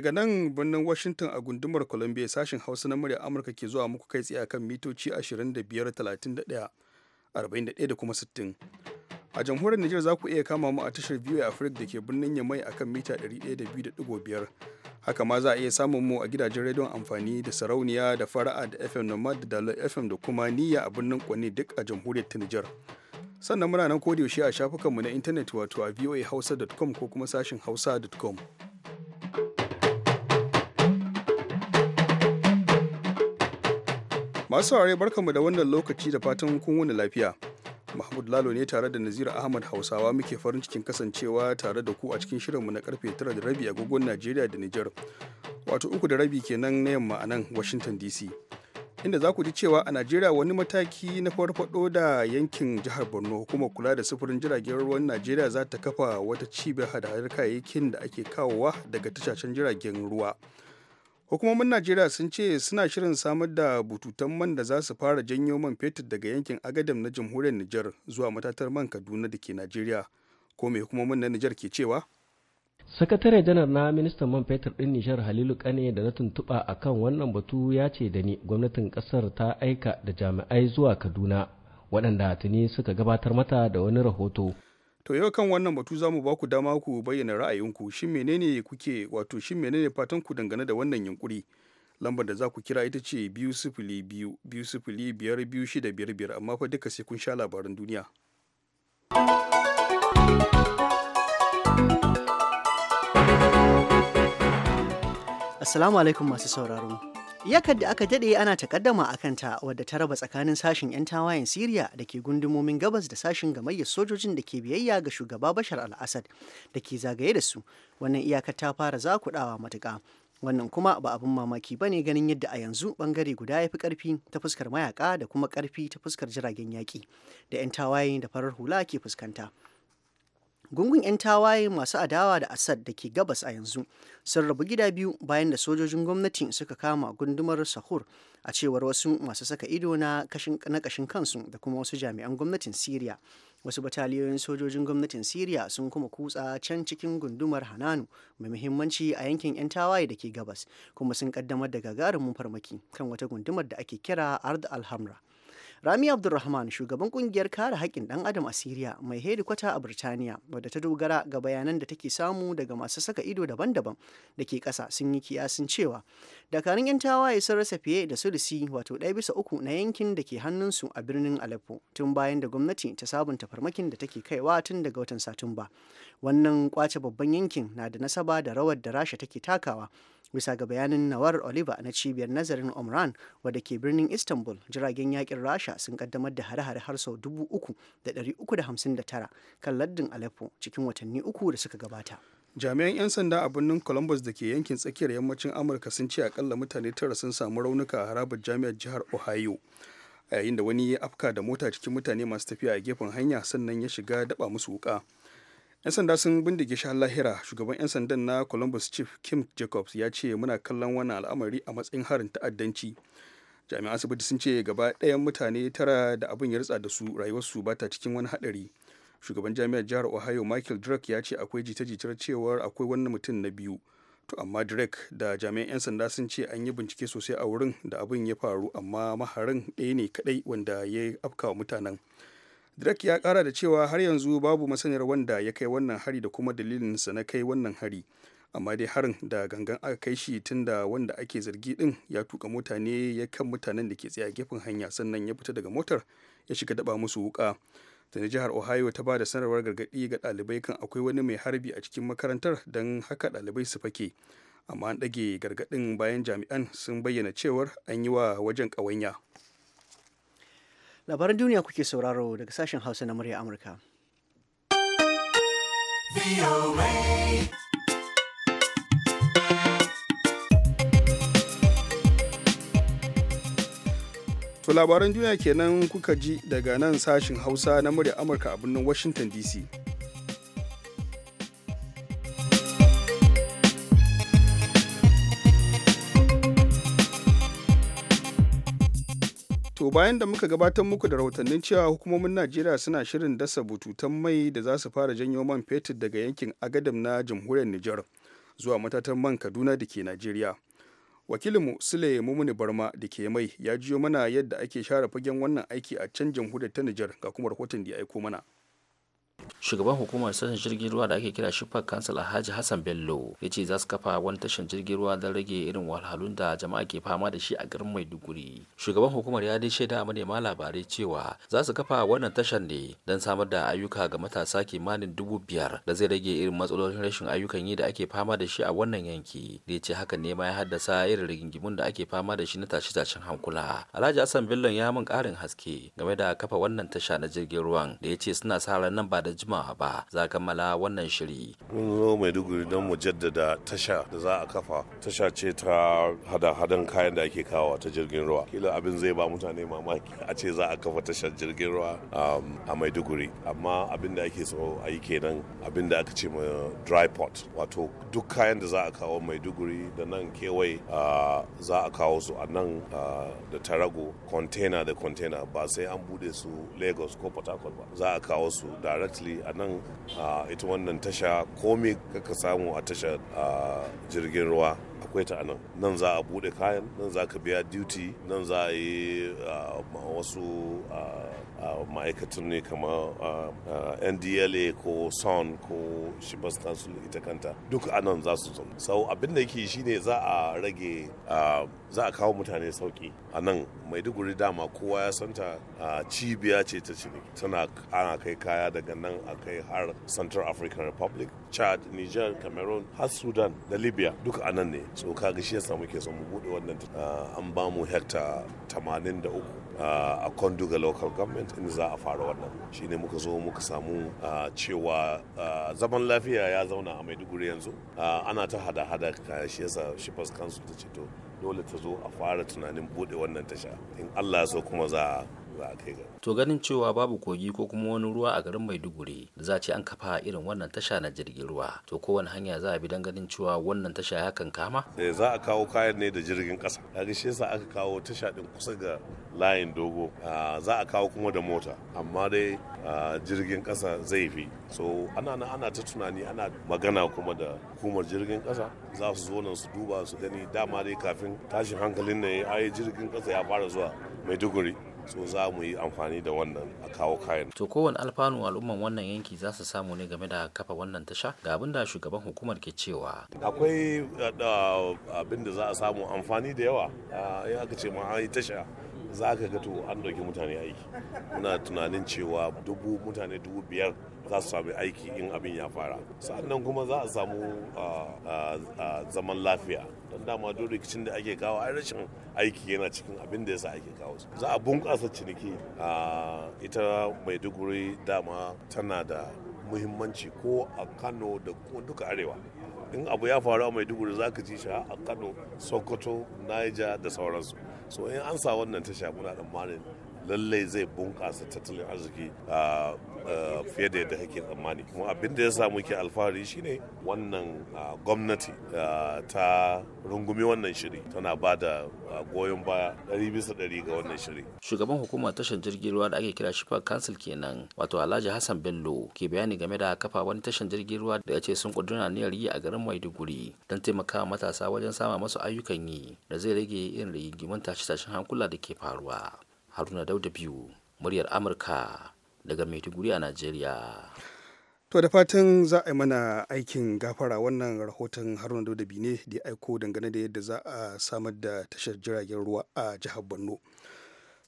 daga nan birnin washington a gundumar columbia sashen hausa na murya amurka ke zuwa muku kai tsaye akan mitoci 25 31 41 da kuma 60 a jamhuriyar niger za ku iya kama mu a tashar VOA afirik da ke birnin Yamai akan mita 102.5 haka ma za a iya samun mu a gidajen rediyon amfani da sarauniya da fara'a da FM Nomad da Dalar FM da kuma niyya a birnin Kwane duk a jamhuriyar ta Nijar sannan muna nan yaushe a shafukanmu na intanet wato a voahausa.com ko kuma sashin hausa.com Masu saurare barkamu da wannan lokaci da fatan kun wani lafiya. Mahmud Lalo ne tare da Nazira Ahmad Hausawa muke farin cikin kasancewa tare da ku a cikin shirinmu na karfe 9 da rabi agogon Najeriya da niger Wato uku da rabi kenan na yamma a nan Washington DC. Inda za ku ji cewa a Najeriya wani mataki na farfado da yankin jihar Borno hukumar kula da sufurin jiragen ruwan Najeriya za ta kafa wata cibiyar hada kayayyakin da ake kawowa daga tashashen jiragen ruwa. hukumomin najeriya sun ce suna shirin samar da bututan man da za su fara janyo man fetur daga yankin agadam na jamhuriyar nijar zuwa matatar man kaduna da ke najeriya ko mai hukumomin na nijar ke cewa sakatare janar na ministan man fetur din nishar halilu kane da na tuntuɓa a kan wannan batu ya ce da ni gwamnatin ƙasar ta aika da jami'ai zuwa kaduna waɗanda tuni suka gabatar mata da wani rahoto to yau kan wannan batu za mu ba ku dama ku bayyana ra'ayinku shin menene kuke wato shin menene fatan ku dangane da wannan yunkuri lambar da za ku kira ita ce biyu sifili biyu biyu sifili biyar biyu shida biyar biyar amma fa duka sai kun sha labaran duniya. Assalamu alaikum masu sauraro. Iyakar da aka daɗe ana takaddama a kanta wadda ta raba tsakanin sashen 'yan tawayen Siriya da ke gundumomin gabas da sashen gamayyar sojojin da ke biyayya ga shugaba Bashar al-Assad da ke zagaye da su, wannan iyakar ta fara zakuɗawa matuka, Wannan kuma ba abin mamaki ba ne ganin yadda a yanzu bangare guda ya fi ƙarfi ta fuskar mayaka da kuma ƙarfi ta fuskar jiragen yaƙi da 'yan tawaye da farar hula ke fuskanta. gungun 'yan tawaye masu adawa da assad da ke gabas a yanzu sun rabu gida biyu bayan da sojojin gwamnati suka kama gundumar sahur a cewar wasu masu saka ido na kashin kansu da kuma wasu jami'an gwamnatin syria wasu bataliyoyin sojojin gwamnatin syria sun kuma kutsa can cikin gundumar hananu mai muhimmanci a yankin 'yan tawaye da ke gabas kuma sun kaddamar da gagarumin farmaki kan wata gundumar da ake kira ard alhamra Rami Abdulrahman shugaban kungiyar kare haƙƙin ɗan adam a Siriya mai hedikwata a Birtaniya wadda ta dogara ga bayanan da take samu daga masu saka ido daban-daban da ke ƙasa sun yi kiyasin cewa dakarun 'yan tawaye sun rasa fiye da sulusi wato ɗaya bisa uku na yankin da ke hannunsu a birnin Aleppo tun bayan da gwamnati ta sabunta farmakin da take kaiwa tun daga watan Satumba. Wannan kwace babban yankin na da nasaba da rawar da Rasha take takawa bisa ga bayanin nawar oliver na cibiyar nazarin omran wadda ke birnin istanbul jiragen yakin rasha sun kaddamar da hare-hare har sau dubu uku uku da da da hamsin tara kan laddin aleppo cikin watanni uku da suka gabata jami'an 'yan sanda a birnin columbus da ke yankin tsakiyar yammacin amurka sun ce akalla mutane tara sun samu raunuka a harabar jami'ar jihar ohio a yayin da wani ya afka da mota cikin mutane masu tafiya a gefen hanya sannan ya shiga daba musu wuka 'yan sanda sun bindige shi lahira shugaban 'yan sandan na columbus chief kim jacobs ya ce muna kallon wannan al'amari a matsayin harin ta'addanci jami'an asibiti sun ce gaba ɗayan mutane tara da abin ya ritsa da su rayuwarsu ba ta cikin wani haɗari shugaban jami'ar jihar ohio michael drake ya ce akwai jita-jitar cewar akwai wani mutum na biyu to amma drake da jami'an 'yan sanda sun ce an yi bincike sosai a wurin da abin ya faru amma maharin ɗaya ne kaɗai wanda ya afkawa mutanen Drake ya kara da cewa har yanzu babu masaniyar wanda ya kai wannan hari da kuma dalilinsa na kai wannan hari. Amma dai harin da gangan aka kai shi tun da wanda ake zargi din ya tuka mutane ya kan mutanen da ke tsaye a gefen hanya sannan ya fita daga motar ya shiga daba musu wuka. Tani jihar Ohio ta ba da sanarwar gargaɗi ga ɗalibai kan akwai wani mai harbi a cikin makarantar don haka ɗalibai su fake. Amma an ɗage gargaɗin bayan jami'an sun bayyana cewar an yi wa wajen ƙawanya. labaran duniya kuke sauraro daga sashen hausa na murya amurka To labaran duniya kenan kuka ji daga nan sashin Hausa na murya Amurka a birnin Washington DC. bayan da muka gabatar muku da rahotannin cewa hukumomin Najeriya suna shirin dasa bututun mai da za su fara janyo man fetur daga yankin Agadam na jamhuriyar Nijar zuwa matatan man Kaduna da ke Najeriya. Wakilinmu Sule Mumuni Barma da ke mai ya jiyo mana yadda ake share fagen wannan aiki a can jamhuriyar ta Nijar ga kuma rahoton da ya aiko mana. shugaban hukumar sashen jirgin ruwa da ake kira shifar kansila alhaji hassan bello ya ce za su kafa wani tashan jirgin ruwa don rage irin wahalhalun da jama'a ke fama da shi a garin maiduguri shugaban hukumar ya dai shaida ma labarai cewa za su kafa wannan tashan ne don samar da ayyuka ga matasa kimanin dubu biyar da zai rage irin matsalolin rashin ayyukan yi da ake fama da shi a wannan yanki da ya ce haka ne ma ya haddasa irin rigingimun da ake fama da shi na tashe-tashen hankula alhaji hassan bello ya mun karin haske game da kafa wannan tasha na jirgin ruwan da ya ce suna sa ran ba da da jimawa ba za kammala wannan shiri. Mun zo Maiduguri don mu jaddada tasha da za a kafa. Tasha ce ta hada-hadan kayan da ake kawo ta jirgin ruwa. Kila abin zai ba mutane mamaki a ce za a kafa tashar jirgin ruwa um, a Maiduguri. Amma abin da ake so a yi kenan abin da aka ce ma dry pot Wato duk kayan da za a kawo Maiduguri da nan kewaye uh, za a kawo su a nan uh, da tarago container da container ba sai an bude su Lagos ko Port ba. Za a kawo su direct exactly a nan ita wannan tasha komai kaka samu a tasha jirgin ruwa akwai ta nan nan za a bude kayan nan za ka biya duty nan za a yi wasu ma'aikatun ne kamar ndla ko son ko shibas council ita kanta duk anan za su zama. sau abin da yake shine za a rage za a kawo mutane sauki a nan maiduguri dama kowa ya santa cibiya ce ta ciniki tana ana kai kaya daga nan a kai har central african republic chad niger cameroon har sudan da libya duk anan ne tsoka gashi ya samu ke son mu bude wannan an ba mu hekta 83 Ah, a ga local government inda za a fara wannan shi shine muka zo muka samu ah, cewa ah, zaman lafiya ya zauna a Maiduguri yanzu ana ta hada-hada shi yasa shifas Council ta ce to dole ta zo a fara tunanin bude wannan tasha in Allah so kuma za ba a kai ga to ganin cewa babu kogi ko kuma wani ruwa a garin maiduguri da za ce an kafa irin wannan tasha na jirgin ruwa to kowane hanya za a bi don ganin cewa wannan tasha ya kan kama za a kawo kayan ne da jirgin kasa kaga shi yasa aka kawo tasha din kusa ga layin dogo za a kawo kuma da mota amma dai jirgin kasa zai fi so ana nan ana ta tunani ana magana kuma da hukumar jirgin kasa za su zo nan su duba su gani dama dai kafin tashin hankalin ne ya jirgin kasa ya fara zuwa maiduguri so za mu yi amfani da wannan a kawo kayan to kowane alfanu al'umman wannan yanki za su samu ne game da kafa wannan tasha ga abin da shugaban hukumar ke cewa akwai uh, abin da za a samu amfani da yawa ya uh, aka ce ma an yi tasha za ka ga to an ɗauki mutane aiki muna tunanin cewa dubu mutane dubu biyar za su sami aiki in abin ya fara sannan kuma za a samu uh, zaman lafiya don dama duk rikicin da ake kawo ai rashin aiki yana cikin abin da yasa ake kawo za a bunƙasa ciniki a ita maiduguri dama tana da muhimmanci ko a kano da kuma duka arewa in abu ya faru a maiduguri za ka ji shi a kano sokoto niger da sauransu so in an sa wannan tasha muna tsammanin lallai zai bunƙasa tattalin arziki ah, ah, fiye da yadda kake tsammani kuma abin da ya samu muke alfahari shine wannan ah, gwamnati ta rungumi wannan shiri tana ba da goyon baya ɗari bisa ɗari ga wannan shiri shugaban hukumar tashar jirgin ruwa da ake kira shifa council kenan wato alhaji hassan bello ke bayani game da kafa wani tashar jirgin ruwa da ya ce sun kuduna niyyar yi a garin maiduguri don taimakawa matasa wajen sama masu ayyukan yi da zai rage irin rigimin tashe-tashen hankula da ke faruwa haruna dauda biyu muryar amurka daga maiduguri a najeriya to da fatan za a yi mana aikin gafara wannan rahoton haruna dauda biyu ne da ya aiko dangane da yadda za a samar da tashar jiragen ruwa a jihar borno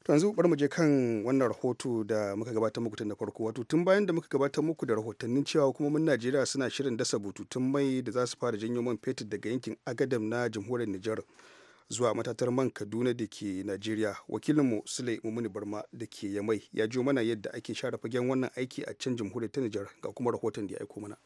yanzu bari mu je kan wannan rahoto da muka gabatar muku tun da farko wato tun bayan da muka gabatar muku da rahotannin cewa hukumomin najeriya suna shirin dasa bututun mai da za su fara janyo man fetur daga yankin agadam na jamhuriyar nijar zuwa matatar man kaduna da ke najeriya wakilinmu sule mumuni barma da ke yamai ya jiyo mana yadda ake share fagen wannan aiki a can jamhuriyar ta nijar ga kuma rahoton da ya aiko mana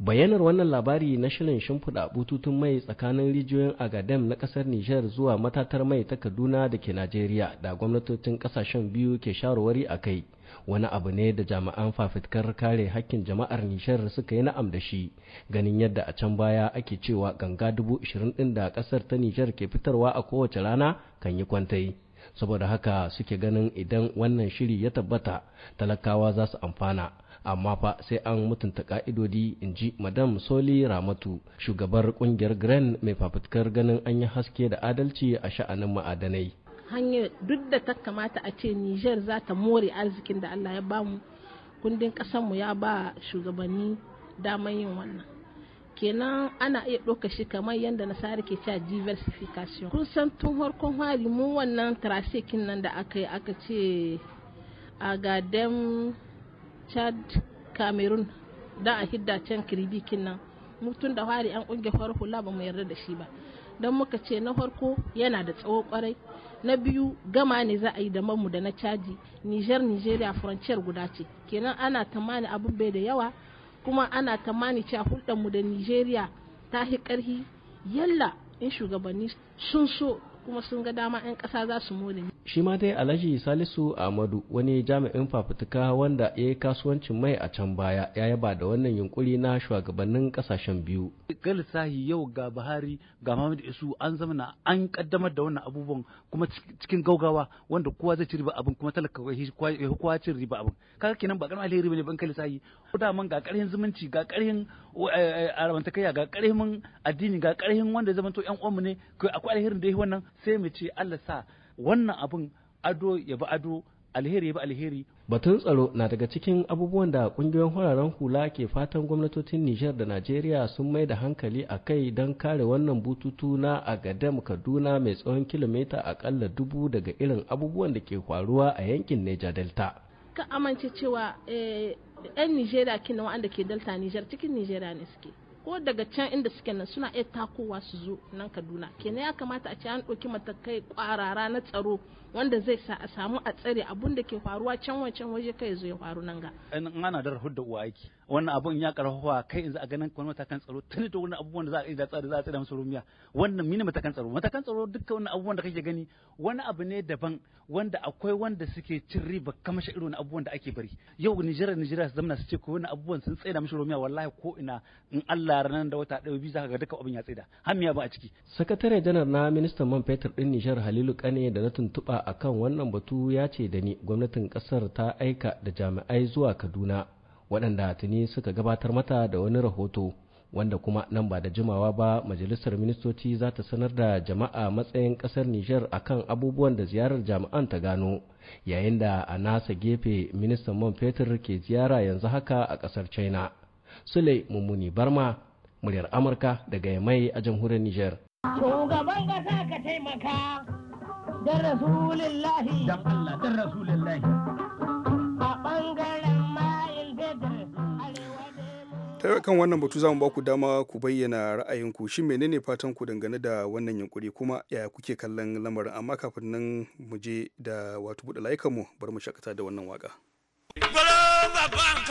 bayanar wannan labari na shirin shimfiɗa bututun mai tsakanin rijiyoyin agadem na ƙasar nijar zuwa matatar mai ta kaduna da ke najeriya da gwamnatocin ƙasashen biyu ke shawarwari a kai wani abu ne da jami'an fafitkar kare hakkin jama'ar niger suka yi na'am da shi ganin yadda a can baya ake cewa ganga dubu ashirin ɗin da ƙasar ta nijar ke fitarwa a kowace rana kan yi kwantai saboda haka suke ganin idan wannan shiri ya tabbata talakawa za su amfana amma fa sai an mutunta ka'idodi in ji madam soli ramatu shugabar kungiyar gren mai fafutukar ganin an yi haske da adalci a sha'anin ma'adanai hanyar duk da ta kamata a ce niger za ta more arzikin da allah ya bamu kundin mu ya ba shugabanni damar yin wannan kenan ana iya ɗauka shi kamar yadda nasara ke cewa diversification kun san tun harkon hari mu wannan trasikin nan da aka yi aka ce a gadem chad cameroon da a hidda can kiribikin nan mutum da hari an kungiyar farar hula ba mu yarda da shi ba don muka ce na farko yana da tsawo kwarai na biyu gama ne za a yi da mamu da na caji niger nigeria frontier guda ce kenan ana tamani abun bai da yawa kuma ana tamani cewa mu da nigeria ta hi karhi yalla in shugabanni sun so kuma sun ga dama 'yan ƙasa za su more shi ma dai alhaji salisu ahmadu wani jami'in fafutuka wanda ya yi kasuwancin mai a can baya ya yaba da wannan yunkuri na shugabannin kasashen biyu galisahi yau ga buhari ga muhammadu isu an zama na an kaddamar da wannan abubuwan kuma cikin gaugawa wanda kowa zai ci riba abin kuma talaka ya kowa cin riba abin kaga kenan ba karamin alheri bane ban da man ga karhin zumunci ga karhin eh, eh, arabantakaya ga karhin addini ga karhin wanda to yan uwanmu ne akwai alherin da yi wannan sai mu ce Allah sa wannan abin ado ya bi ado alheri ya bi alheri batun tsaro na daga cikin abubuwan da kungiyoyin hularen hula ke fatan gwamnatocin nijar da najeriya sun mai da hankali a kai don kare wannan bututu na gadam kaduna mai tsawon kilomita akalla dubu daga irin abubuwan da ke faruwa a yankin neja delta ka amince cewa 'yan eh, nijeriya kina wa'anda ke delta nijar cikin nijeriya ne suke ko daga can inda suke nan suna iya takowa su zo nan kaduna kenan ya kamata a ce an ɗauki matakai kwarara na tsaro wanda zai sa a samu a tsare abun da ke faruwa can wancan waje kai zo ya faru nan ga ana da rahud da uwa aiki wannan abun ya karfafa kai yanzu a ganin kuma matakan tsaro tuni da wani abubuwan da za a yi da tsari za a tsira musu rumiya wannan mini matakan tsaro matakan tsaro dukkan wannan abubuwan da kake gani wani abu ne daban wanda akwai wanda suke cin riba kamar shi irin abubuwan da ake bari yau Nijar Nijar su zamana su ce ko wani abubuwan sun tsaida mishi rumiya wallahi ko ina in Allah ranar da wata ɗaya biyu ka ga dukkan abin ya tsaida hamiya ba a ciki sakatare janar na ministan man fetur din Nijar Halilu Kane da na tuntuɓa akan wannan batu ya ce da ni gwamnatin kasar ta aika da jami'ai zuwa Kaduna waɗanda tuni suka gabatar mata da wani rahoto wanda kuma nan ba da jimawa ba majalisar ministoci za ta sanar da jama'a matsayin ƙasar nijar akan abubuwan da ziyarar jami'an ta gano yayin da a nasa gefe ministan man fetur ke ziyara yanzu haka a ƙasar china sule mummuni barma muryar amurka daga yamai a jamhuriyar nijar shugaban ƙasa ka taimaka da rasulillahi da allah daga kan wannan batu za mu ba ku dama ku bayyana ra'ayinku shin menene fatan ku dangane da wannan yunkuri kuma yaya kuke kallon lamarin amma kafin nan mu je da wato buɗe mu bari mu shakata da wannan waka. Bala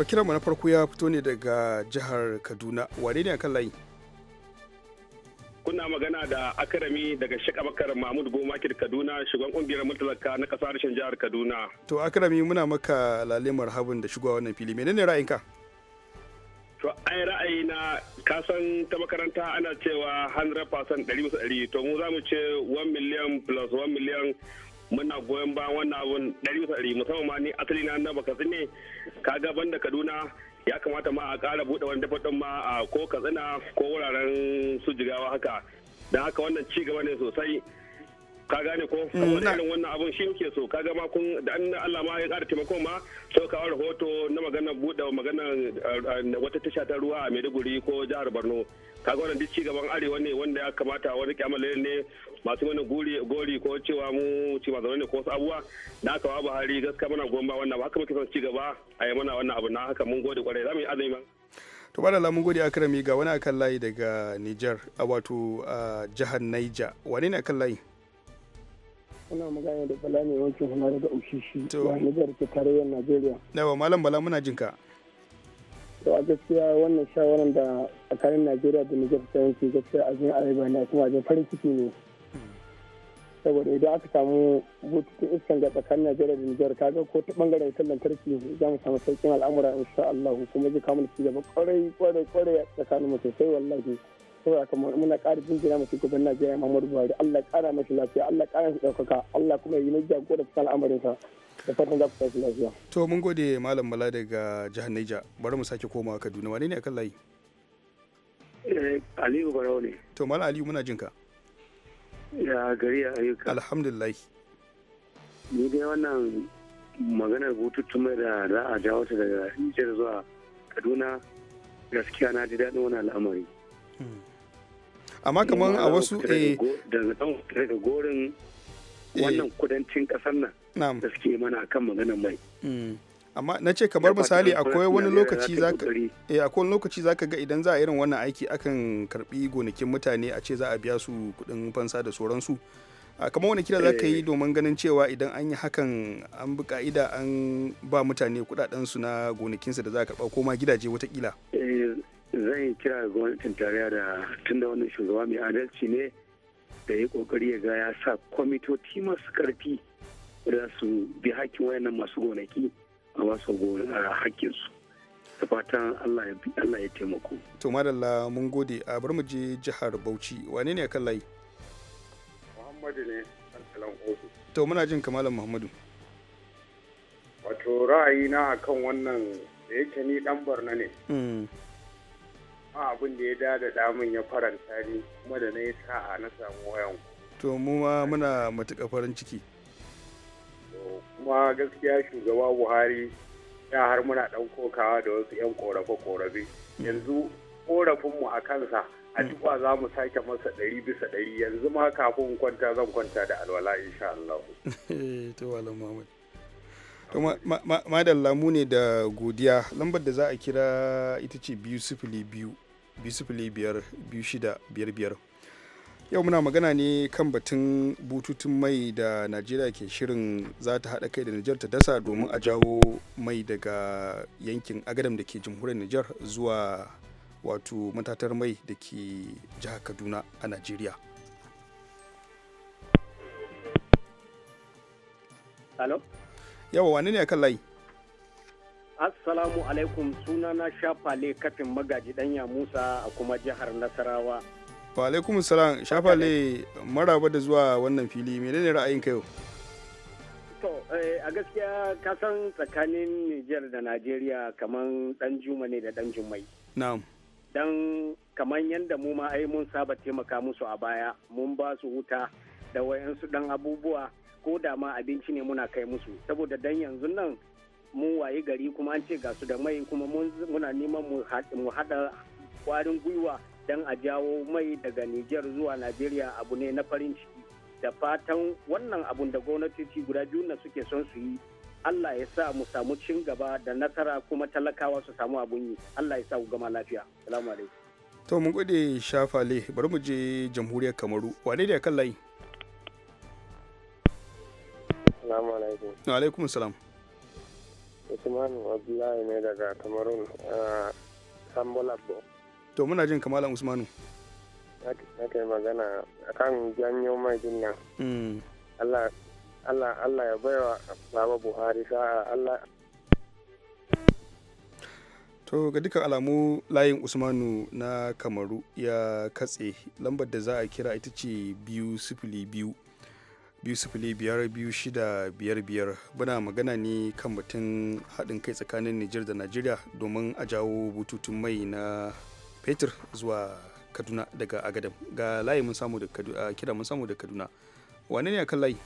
To mu na farko ya fito ne daga jihar Kaduna. Wane ne akan layi? Kuna magana da Akarami daga Shek Abakar Mahmud Gomakir Kaduna, shugaban kungiyar mutalaka na kasar harshen jihar Kaduna. To Akarami muna maka lalimar habin da shigowa wannan fili. Menene ra'ayinka? To ai ra'ayi na kasan ta makaranta ana cewa 100% 100 to mu za mu ce 1 million plus 1 million muna goyon ba wannan abun ɗari ɗari musamman ma ni asali na na baka ne kaga banda kaduna ya kamata ma a ƙara buɗe wani dafa ma a ko katsina ko wuraren su jigawa haka don haka wannan ci gaba ne sosai ka gane ko mm, saboda irin wannan abun shi yake so kaga ma kun da an Allah ma ya ƙara taimako ma so kawo rahoto na maganar buɗe maganar eh, eh, wata tasha ta ruwa a Maiduguri ko jihar Borno kaga wannan duk gaban arewa ne wanda ya kamata wani kyamalar ne masu wani gori ko cewa mu ci mazaune ne ko wasu abubuwa da aka wa hari gaskiya muna gomba wannan ba haka muke son ci gaba a yi mana wannan abu na haka mun gode kwarai za mu yi azumi ba. to bada lamun gode akrami ga wani akan layi daga Niger a wato jihar Niger wani ne akan layi Muna magana da Bala ne wancan hana daga to da Niger ta tarayyar Najeriya. Yawa Malam Bala muna jinka. To a gaskiya wannan shawaran da tsakanin Najeriya da Niger ta yanki gaskiya a jin arewa na kuma a farin ciki ne. saboda idan aka samu bututun iskan ga tsakanin najeriya da nijar kaga ko ta bangaren wutar lantarki za mu samu sauƙin al'amura sha allah kuma zai kawo ci gaba kwarai kwarai kwarai a tsakanin mu sosai wallahi saboda kuma muna ƙara jinjina mu shugaban najeriya muhammadu buhari allah ƙara mashi lafiya allah ƙara shi ɗaukaka allah kuma ya yi mai jagora cikin al'amarinsa da fatan za ku tashi lafiya. to mun gode malam bala daga jihar naija bari mu sake komawa kaduna wani ne akan layi. Eh, aliyu barau ne. to malam aliyu muna jinka. Ya gari a ayyuka. Alhamdulillah. Ni dai wannan maganar bututun mai da za a jawo ta daga Nijar zuwa Kaduna gaskiya na ji daɗin wani al'amari. Hmm. Amma kamar a wasu da zan eh, daga gorin eh. wannan kudancin ƙasar nan da suke mana kan maganar mai. Hmm. amma na ce kamar misali akwai wani lokaci zaka eh akwai lokaci zaka ga idan za a irin wannan aiki akan karbi gonakin mutane a ce za a biya su kudin fansa da sauransu ah, kamar wani kira zaka yi eh. domin ganin cewa idan an yi hakan an bi ka'ida an ba mutane kuɗaɗen su na gonakinsu da za a ko ma gidaje kila. Eh, zan yi kira ga gwamnatin tarayya da tunda wannan shugaba mai adalci ne da ya kokari ya ga ya sa kwamitoci masu karfi da su bi hakkin wayannan masu gonaki a wasu hakkinsu da fatan Allah ya taimako. To madalla mun gode a bar mu je jihar Bauchi wane ne kan layi? Muhammadu ne Alkalan Osu. To muna jin kamalan Muhammadu. Wato ra'ayi na akan wannan da yake ni dan barna ne. Ma mm. abin da ya dada damun ya faranta ni kuma da na yi sa'a na samu wayan. To mu ma muna matuƙa farin ciki. kuma gaskiya shugaba buhari ya har muna ɗan kokawa da wasu 'yan korafe-korafe yanzu korafinmu a kansa a duba za mu sake masa ɗari bisa ɗari yanzu ma kafin kwanta zan kwanta da alwala insha Allah. to wala Muhammad. madalla mu ne da godiya lambar da za a kira ita ce biyu sifili biyu biyu sifili biyar biyu shida biyar biyar yau muna magana ne kan batun bututun mai da najeriya ke shirin za ta haɗa kai da nijar ta dasa domin a jawo mai daga yankin agadam da ke jamhuriyar nijar zuwa wato matatar mai da ke jihar kaduna a najeriya yawa wani ne a kan layi assalamu alaikum sunana shafale kafin magaji danya musa a kuma jihar nasarawa wa alaikum salam shafale maraba da zuwa wannan fili menene ra'ayin ka yau to eh, a gaskiya ka san tsakanin Nijar da Najeriya kaman dan juma ne da dan jummai na'am dan kaman yanda mu ma ai mun saba taimaka musu a baya mun ba su wuta da wayansu dan abubuwa ko da ma abinci ne muna kai musu saboda dan yanzu nan mun waye gari kuma an ce ga su da mai kuma muna neman mu haɗa kwarin gwiwa don a jawo mai daga Nijar zuwa Najeriya abu ne na farin ciki da fatan wannan abun da gwamnatoci guda biyu na suke son su yi Allah ya sa mu samu cin gaba da nasara kuma talakawa su samu abun yi Allah ya sa ku gama lafiya salamu alaikum to mun gode shafale bari mu je jamhuriyar kamaru wane da kan layi salamu alaikum wa alaikum salam usman abdullahi ne daga a uh, sambolabo to muna jin kamalan usmanu na kai magana kan janyo mai nan hmm. Allah ya baiwa baba Buhari sa'a Allah to ga dukkan alamu layin usmanu na kamaru ya katse lambar da za a kira ita ce biyu sifili biyu biyu sifili biyar biyu shida biyar biyar muna magana ne kan batun haɗin kai tsakanin nijar da najeriya domin a jawo bututun mai na fetur zuwa kaduna daga agadam ga layi mun samu da kira mun samu da kaduna wane ne a kan layi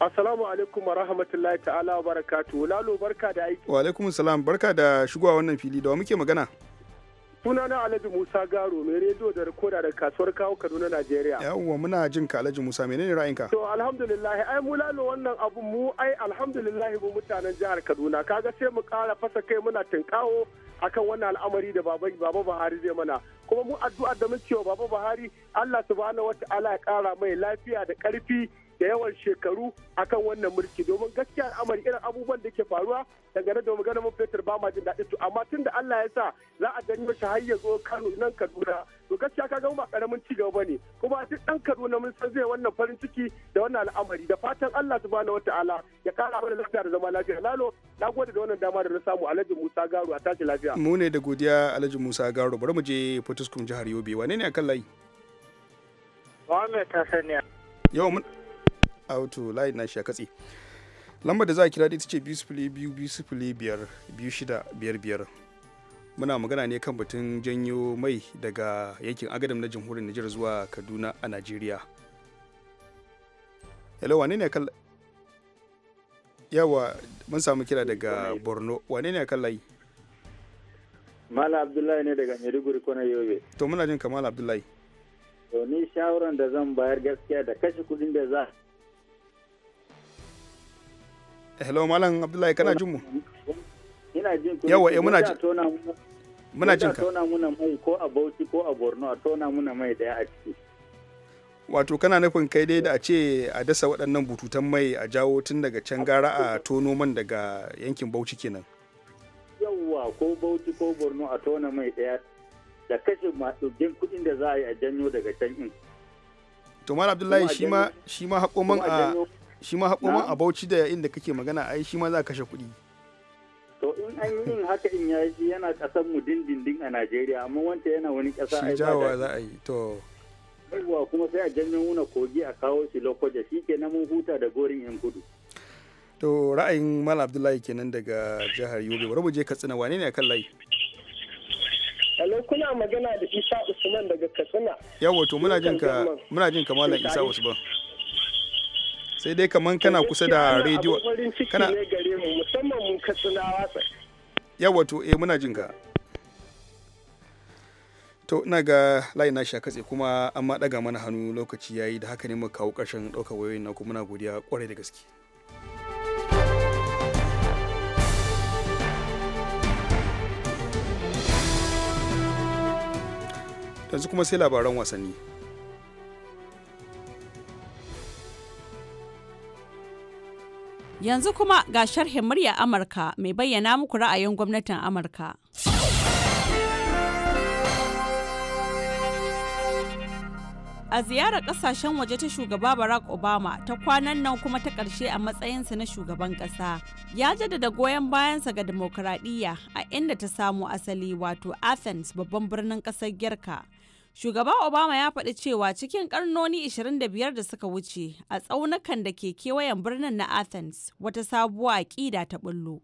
assalamu alaikum wa rahmatullahi ta'ala wa barakatuhu lalo barka da aiki wa alaikum salam barka da shigowa wannan fili da wa muke magana na alhaji musa garo mai rediyo da rikoda da kasuwar kawo kaduna najeriya yawwa muna jin ka alhaji musa menene ra'ayinka to alhamdulillah ai mu lalo wannan abu mu ai alhamdulillah mu mutanen jihar kaduna kaga sai mu kara fasa kai muna tinkawo akan wannan al'amari da baba baba buhari zai mana kuma mu addu'a da muke cewa baba buhari allah subhanahu ala ya kara mai lafiya da karfi da yawan shekaru akan wannan mulki domin gaskiya al'amari irin abubuwan da ke faruwa dangane da maganar mun fetur ba ma jin daɗi su amma tun da Allah ya sa za a janyo shi har ya zo Kano nan Kaduna to gaskiya ka ga ba karamin ci gaba ne kuma duk dan Kaduna mun san zai wannan farin ciki da wannan al'amari da fatan Allah subhanahu wataala ya kara mana lafiya da zama lafiya lalo na gode da wannan dama da na samu Alhaji Musa Garu a tashi lafiya mu ne da godiya Alhaji Musa Garu bari mu je Fotoskum jihar Yobe wane ne akan layi Muhammad Tasaniya yau auto line na shi katse lambar da za a kira ita ce biyu sifili biyu biyu sifili biyar biyu shida biyar biyar muna magana ne kan batun janyo mai daga yankin agadam na jamhuriyar Nijar zuwa Kaduna a Najeriya. Hello wane ne kal yawa mun samu kira daga Borno wane ne kan layi? Mala Abdullahi ne daga Maiduguri ko na Yobe. To muna jin kamala Abdullahi. To ni shawaran da zan bayar gaskiya da kashe kudin da za a hello malam abdullahi kana jin mu ina jin ku yawa eh, muna jin muna jin ka tona muna mai ko a Bauchi ko a Borno a tona muna mai daya a ciki wato kana nufin kai dai da a ce a dasa waɗannan bututan mai a jawo tun daga can gara a tono man daga yankin Bauchi kenan yawwa ko Bauchi ko Borno a tona mai daya da kashe masu kuɗin da za a yi a janyo daga can in to mal abdullahi shi ma shi ma hakoman a shi ma man a bauchi da inda kake magana ai shi ma za a kashe kuɗi to in an yi yin haka in ya yi, yana ƙasar mu dindindin a najeriya amma wanda yana wani ƙasa ai jawa za a yi to yawa kuma sai a janyo wuna kogi a kawo shi lokoja shi ke na mun huta da gorin yan kudu to ra'ayin mal abdullahi kenan daga jihar yobe bari mu je katsina wane ne akan layi Hello, kuna magana da Isa Usman daga Katsina. Yawa to muna jin ka muna jin ka Malam Isa Usman. sai dai kamar kana eh, kusa da rediyo kana gare mu eh muna jin ka to ina ga layi na sha katse kuma an ma daga mana hannu lokaci yayi da haka ne muka kawo ƙarshen ɗaukar wayoyin na kuma muna godiya kwarai da gaske yanzu kuma sai labaran wasanni Yanzu kuma ga sharhin murya Amurka mai bayyana muku ra'ayin gwamnatin Amurka. A ziyarar kasashen waje ta shugaba Barack Obama ta kwanan nan kuma ta ƙarshe a matsayinsa na shugaban ƙasa, ya jaddada goyon bayansa ga demokuraɗiyya a inda ta samu asali wato Athens babban birnin ƙasar Girka. Shugaba Obama ya faɗi cewa cikin ƙarnoni 25 da suka wuce a tsaunukan da ke kewayen birnin na Athens wata sabuwa aƙida ta bullo.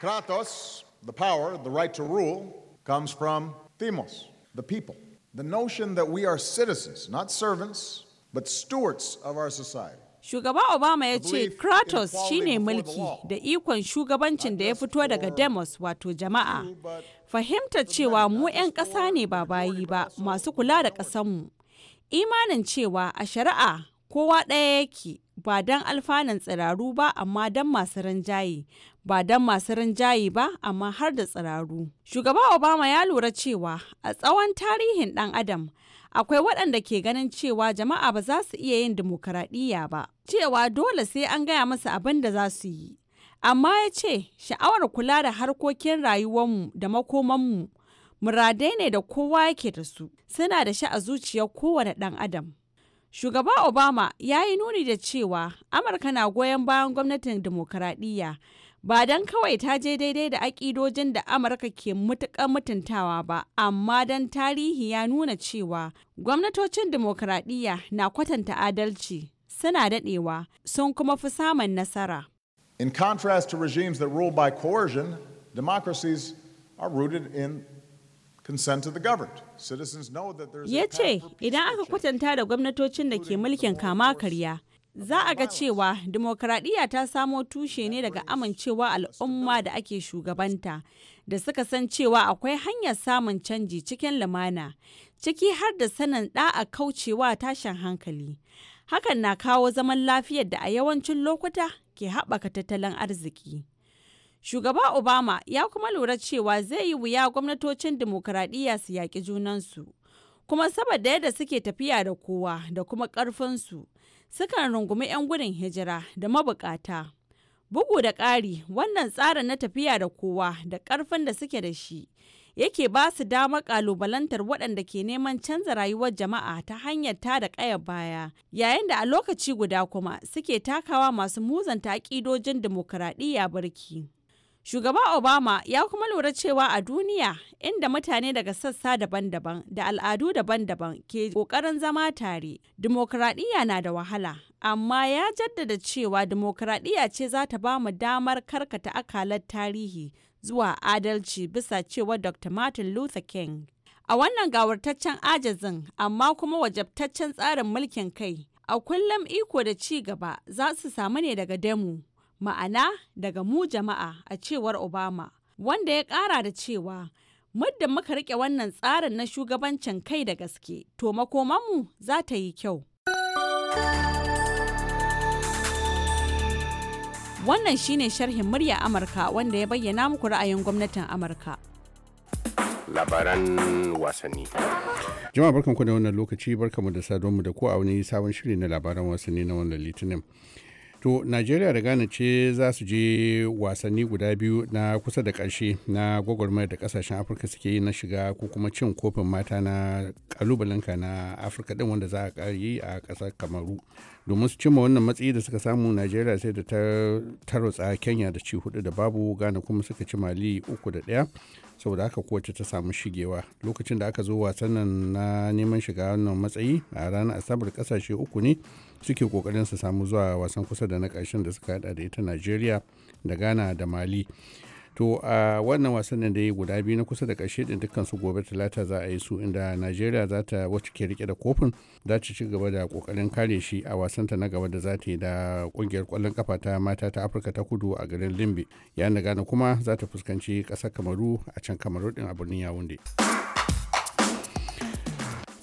Kratos, the power, the right to rule, comes from themos, the people. The notion that we are citizens, not servants, but stewards of our society. Shugaba Obama ya ce Kratos shine mulki da ikon shugabancin da ya fito daga Demos wato jama'a. fahimtar cewa mu 'yan ƙasa ne ba bayi ba masu kula da ƙasanmu imanin cewa a shari'a kowa ɗaya yake ba don alfanan tsiraru ba amma don masu rinjaye ba don masu rinjaye ba amma har da tsiraru shugaba obama ya lura cewa a tsawon tarihin ɗan adam akwai waɗanda ke ganin cewa jama'a ba za su iya yin dimokuraɗiyya ba cewa dole sai an gaya masu abin da za su yi amma ya ce sha'awar kula da harkokin rayuwarmu da makomanmu muradai ne da kowa yake da su suna da shi a zuciyar kowane ɗan adam shugaba obama ya yi nuni da cewa amurka na goyon bayan gwamnatin demokaradiyya ba don kawai ta je daidai da aƙidojin da amurka ke mutuƙar mutuntawa ba amma don tarihi ya nuna cewa gwamnatocin demokaradiyya na kwatanta adalci suna daɗewa sun kuma fi samun nasara In contrast to regimes that rule by coercion, democracies are rooted in Ya ce, idan aka kwatanta da gwamnatocin da ke mulkin kama karya, za a ga cewa dimokuraɗiyya ta samo tushe ne daga amincewa al'umma da ake shugabanta, da suka san cewa akwai hanyar samun canji cikin lumana, ciki har da sanin da'a kaucewa tashin hankali. Hakan na kawo zaman lafiyar da a yawancin lokuta ke haɓaka tattalin arziki. Shugaba Obama ya kuma lura cewa zai yi wuya gwamnatocin dimokuraɗiyya su yaƙi junansu, kuma saboda yadda suke tafiya da kowa da kuma ƙarfinsu, sukan rungumi 'yan gudun hijira da mabukata. Bugu da ƙari, wannan tsarin na tafiya da kowa da ƙarfin da suke da shi yake ba su damar kalubalantar waɗanda ke neman canza rayuwar jama'a ta hanyar ta da ƙaya baya yayin da a lokaci guda kuma suke takawa masu muzanta aƙidojin dimokuraɗiyya barki. Shugaba Obama ya kuma lura cewa a duniya inda mutane daga sassa daban-daban da al'adu daban-daban ke ƙoƙarin zama tare, dimokuraɗiyya na da wahala, amma ya jaddada cewa dimokuraɗiyya ce za ta ba mu damar karkata akalar tarihi zuwa adalci bisa cewa Dr. Martin Luther King. A wannan gawartaccen ajazin amma kuma wajabtaccen tsarin mulkin kai, a kullum iko da ci gaba za su samu ne daga damu, ma'ana daga mu jama'a a cewar Obama, wanda ya ƙara da cewa muddin muka rike wannan tsarin na shugabancin kai da gaske, to makomanmu za ta yi kyau. Wannan shine sharhin murya Amurka wanda ya bayyana muku ra'ayin gwamnatin Amurka. Labaran wasanni. Jama'a barkanku da wannan lokaci barkanmu da saduwanmu da ko a wani sabon shiri na labaran wasanni na wannan litinin. to najeriya da ghana ce za su je wasanni guda biyu na kusa da karshe na gwagwarmaya da kasashen afirka suke yi na shiga ko kuma cin kofin mata na ƙalubalenka na afirka ɗin wanda za a yi a ƙasar kamaru domin su cimma wannan matsayi da suka samu najeriya sai da ta rutsa kenya da ci hudu da babu ghana kuma suka ci mali uku da ɗaya saboda haka kowace ta samu shigewa lokacin da aka zo wasannin na neman shiga wannan matsayi a ranar asabar kasashe uku ne suke kokarin su samu zuwa wasan kusa da na ƙarshen da suka hada da ita najeriya da ghana da mali to a wannan wasannin da ya guda biyu na kusa da karshe din dukkan su gobe talata za a yi su inda najeriya za ta wacce ke rike da kofin za ta ci gaba da kokarin kare shi a wasanta na gaba da za ta yi da kungiyar kwallon kafa ta mata ta afirka ta kudu a garin limbe yayin da ghana kuma za ta fuskanci ƙasar kamaru a can kamaru din a birnin yawunde.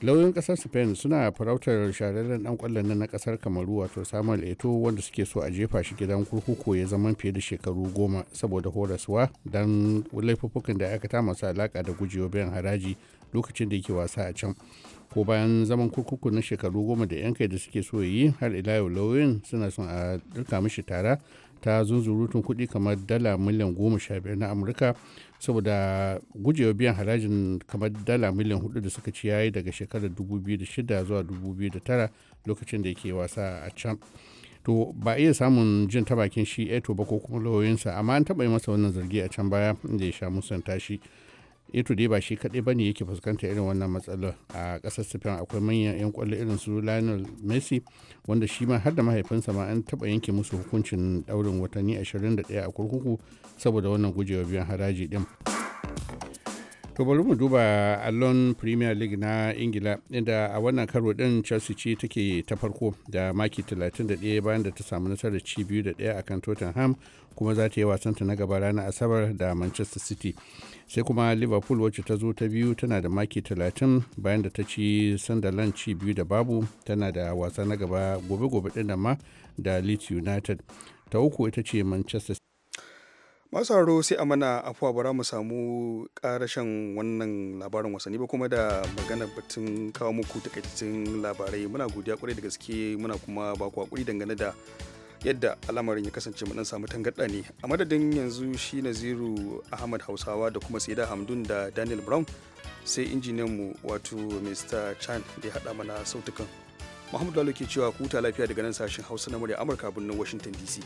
lauyoyin kasar spain suna farautar shahararren dan kwallon nan na kasar kamaru wato samuel eto wanda suke so a jefa shi gidan kurkuku ya zama fiye da shekaru goma saboda horaswa don laifuffukan da aikata masu alaka da gujewa biyan haraji lokacin da yake wasa a can ko bayan zaman kurkuku na shekaru goma da yankai da suke so yi har ila yau lauyoyin suna son a dirka mishi tara ta zunzurutun kuɗi kamar dala miliyan goma sha biyar na amurka saboda gujewa biyan harajin kamar dala miliyan hudu da suka ci yayi daga shekarar 2006 zuwa 2009 lokacin da yake wasa a can to ba iya samun jin ta bakin shi eto ba ko kuma lauyoyinsa amma an taɓa yi masa wannan zargi a can baya da ya sha musanta shi ito eh dai ba shi kaɗai ba ne yake fuskanta irin wannan matsalar a ƙasar spain akwai manyan 'yan kwallo irin su lionel messi wanda shi ma har da mahaifinsa ma an taɓa yanke musu hukuncin ɗaurin watanni 21 a kurkuku saboda wannan gujewa biyan haraji ɗin. to bari mu duba allon premier league na ingila inda a wannan karo din chelsea ce take ta farko da maki 31 bayan da ta samu nasarar ci biyu da daya akan tottenham kuma za ta yi wasanta na gaba ranar asabar da manchester city sai kuma liverpool wacce ta zo ta biyu tana da maki 30 bayan da ta ci sunderland ci biyu da babu tana da wasa na gaba gobe-gobe din ma da leeds united ta uku ita ce manchester City. masu haro sai a mana afuwa bara mu samu karashen wannan labarin wasanni ba kuma da magana batun kawo muku takaitattun labarai muna godiya kwarai da gaske muna kuma ba ku hakuri dangane da yadda al'amarin ya kasance mu dan samu tangarda ne a madadin yanzu shi naziru ahmad hausawa da kuma saida hamdun da daniel brown sai injiniyan mu wato mr chan da ya hada mana sautukan muhammadu lalo ke cewa ku ta lafiya daga nan sashen hausa na murya amurka birnin washington dc